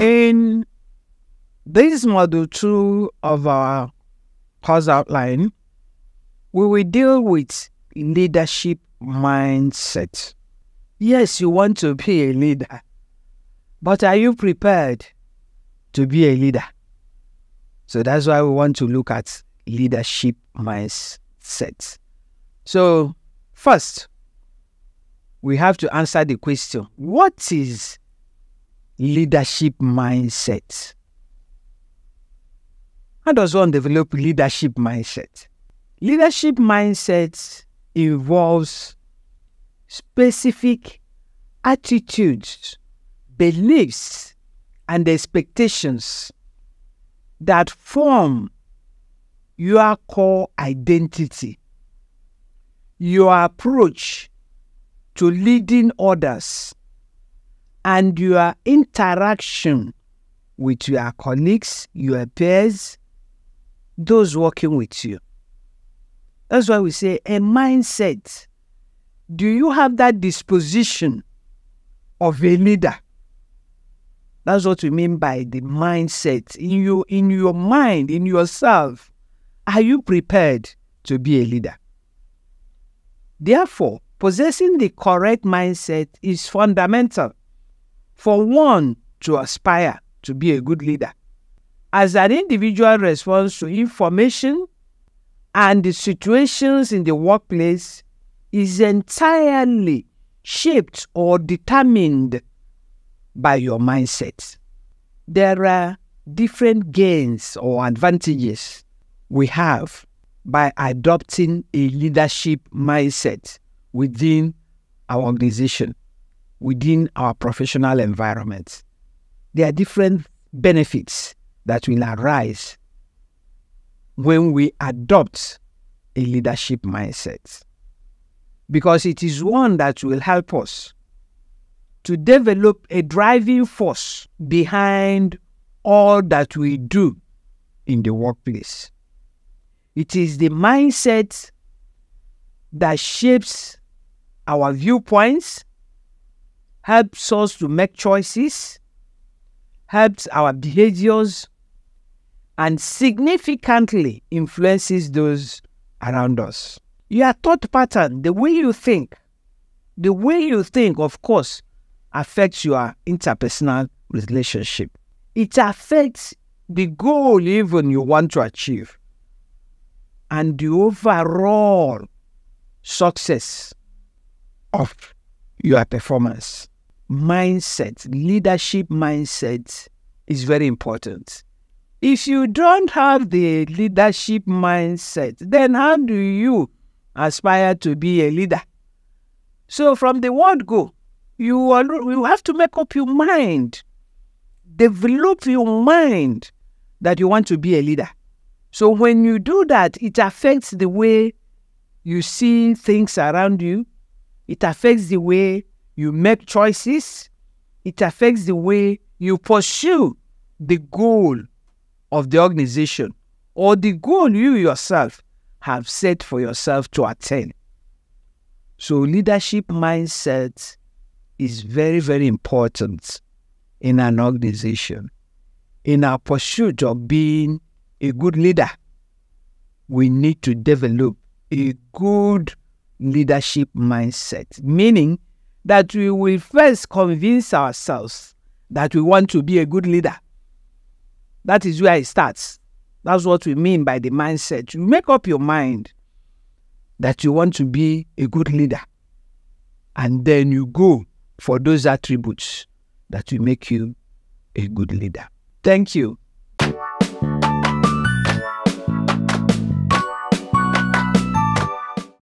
In this module two of our course outline, we will deal with leadership mindset. Yes, you want to be a leader, but are you prepared to be a leader? So that's why we want to look at leadership mindset. So, first, we have to answer the question what is leadership mindset. How does one develop leadership mindset? Leadership mindset involves specific attitudes, beliefs, and expectations that form your core identity, your approach to leading others, and your interaction with your colleagues, your peers, those working with you. That's why we say a mindset. Do you have that disposition of a leader? That's what we mean by the mindset. In you, in your mind, in yourself, are you prepared to be a leader? Therefore, possessing the correct mindset is fundamental for one to aspire to be a good leader as an individual responds to information and the situations in the workplace is entirely shaped or determined by your mindset. There are different gains or advantages we have by adopting a leadership mindset within our organization within our professional environments. There are different benefits that will arise when we adopt a leadership mindset because it is one that will help us to develop a driving force behind all that we do in the workplace. It is the mindset that shapes our viewpoints, helps us to make choices, helps our behaviors, and significantly influences those around us. Your thought pattern, the way you think, the way you think, of course, affects your interpersonal relationship. It affects the goal even you want to achieve and the overall success of your performance mindset, leadership mindset is very important. If you don't have the leadership mindset, then how do you aspire to be a leader? So from the word go, you, are, you have to make up your mind, develop your mind that you want to be a leader. So when you do that, it affects the way you see things around you. It affects the way you make choices, it affects the way you pursue the goal of the organization or the goal you yourself have set for yourself to attain. So, leadership mindset is very, very important in an organization. In our pursuit of being a good leader, we need to develop a good leadership mindset, meaning that we will first convince ourselves that we want to be a good leader. That is where it starts. That's what we mean by the mindset. You make up your mind that you want to be a good leader, and then you go for those attributes that will make you a good leader. Thank you.